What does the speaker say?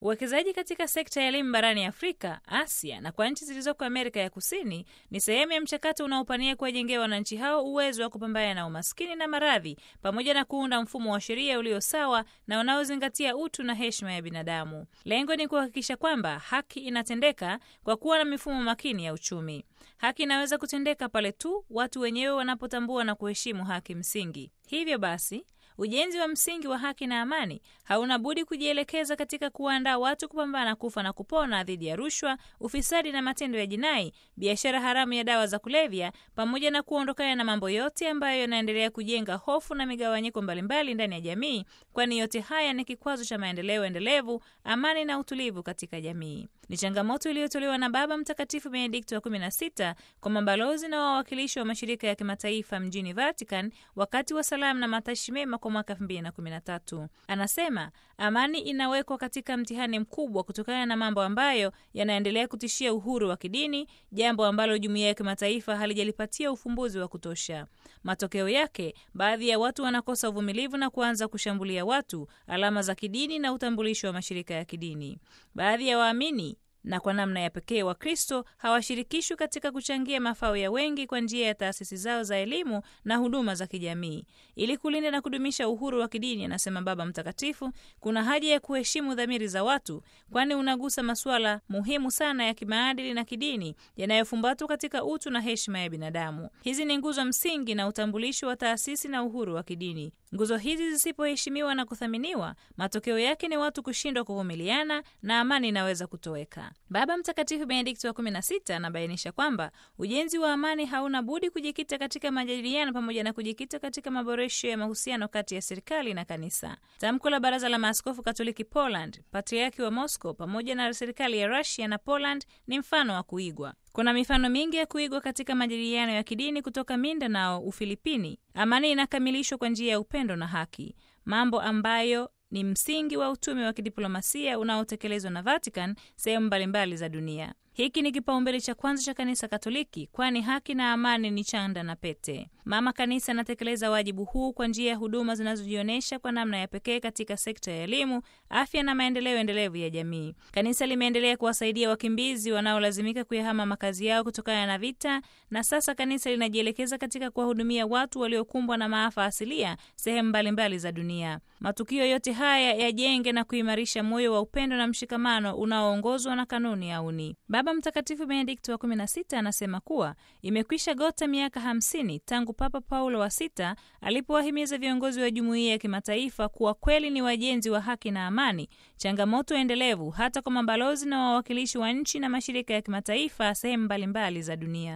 Uwekezaji katika sekta ya elimu barani Afrika, Asia na kwa nchi zilizoko Amerika ya Kusini ni sehemu ya mchakato unaopania kuwajengea wananchi hao uwezo wa kupambana na umaskini na maradhi pamoja na kuunda mfumo wa sheria ulio sawa na unaozingatia utu na heshima ya binadamu. Lengo ni kuhakikisha kwamba haki inatendeka kwa kuwa na mifumo makini ya uchumi. Haki inaweza kutendeka pale tu watu wenyewe wanapotambua na kuheshimu haki msingi. Hivyo basi ujenzi wa msingi wa haki na amani hauna budi kujielekeza katika kuwaandaa watu kupambana kufa na kupona dhidi ya rushwa, ufisadi na matendo ya jinai, biashara haramu ya dawa za kulevya, pamoja na kuondokana na mambo yote ambayo yanaendelea kujenga hofu na migawanyiko mbalimbali ndani ya jamii, kwani yote haya ni kikwazo cha maendeleo endelevu, amani na utulivu katika jamii. Ni changamoto iliyotolewa na Baba Mtakatifu Benedikto wa 16 kwa mabalozi na wawakilishi wa mashirika ya kimataifa mjini Vatican wakati wa salamu na matashi mema kwa mwaka 2013. Anasema amani inawekwa katika mtihani mkubwa kutokana na mambo ambayo yanaendelea kutishia uhuru wa kidini, jambo ambalo jumuiya ya kimataifa halijalipatia ufumbuzi wa kutosha. Matokeo yake, baadhi ya watu wanakosa uvumilivu na kuanza kushambulia watu, alama za kidini na utambulisho wa mashirika ya kidini. Baadhi ya waamini na kwa namna ya pekee Wakristo hawashirikishwi katika kuchangia mafao ya wengi kwa njia ya taasisi zao za elimu na huduma za kijamii. Ili kulinda na kudumisha uhuru wa kidini, anasema Baba Mtakatifu, kuna haja ya kuheshimu dhamiri za watu, kwani unagusa masuala muhimu sana ya kimaadili na kidini yanayofumbatwa katika utu na heshima ya binadamu. Hizi ni nguzo msingi na utambulisho wa taasisi na uhuru wa kidini. Nguzo hizi zisipoheshimiwa na kuthaminiwa, matokeo yake ni watu kushindwa kuvumiliana na amani inaweza kutoweka. Baba Mtakatifu Benedikti wa 16 anabainisha kwamba ujenzi wa amani hauna budi kujikita katika majadiliano pamoja na kujikita katika maboresho ya mahusiano kati ya serikali na kanisa. Tamko la Baraza la Maaskofu Katoliki Poland, patriaki wa Moscow pamoja na serikali ya Rusia na Poland ni mfano wa kuigwa. Kuna mifano mingi ya kuigwa katika majadiliano ya kidini kutoka Mindanao, Ufilipini. Amani inakamilishwa kwa njia ya upendo na haki, mambo ambayo ni msingi wa utume wa kidiplomasia unaotekelezwa na Vatican sehemu mbalimbali za dunia. Hiki ni kipaumbele cha kwanza cha Kanisa Katoliki, kwani haki na amani ni chanda na pete. Mama Kanisa anatekeleza wajibu huu kwa njia ya huduma zinazojionyesha kwa namna ya pekee katika sekta ya elimu, afya na maendeleo endelevu ya jamii. Kanisa limeendelea kuwasaidia wakimbizi wanaolazimika kuyahama makazi yao kutokana na vita, na sasa kanisa linajielekeza katika kuwahudumia watu waliokumbwa na maafa asilia sehemu mbalimbali za dunia. Matukio yote haya yajenge na kuimarisha moyo wa upendo na mshikamano unaoongozwa na kanuni ya UNI. Baba Mtakatifu Benedikto wa 16 anasema kuwa imekwisha gota miaka 50 tangu Papa Paulo wa Sita alipowahimiza viongozi wa jumuiya ya kimataifa kuwa kweli ni wajenzi wa haki na amani, changamoto endelevu hata kwa mabalozi na wawakilishi wa nchi na mashirika ya kimataifa sehemu mbalimbali za dunia.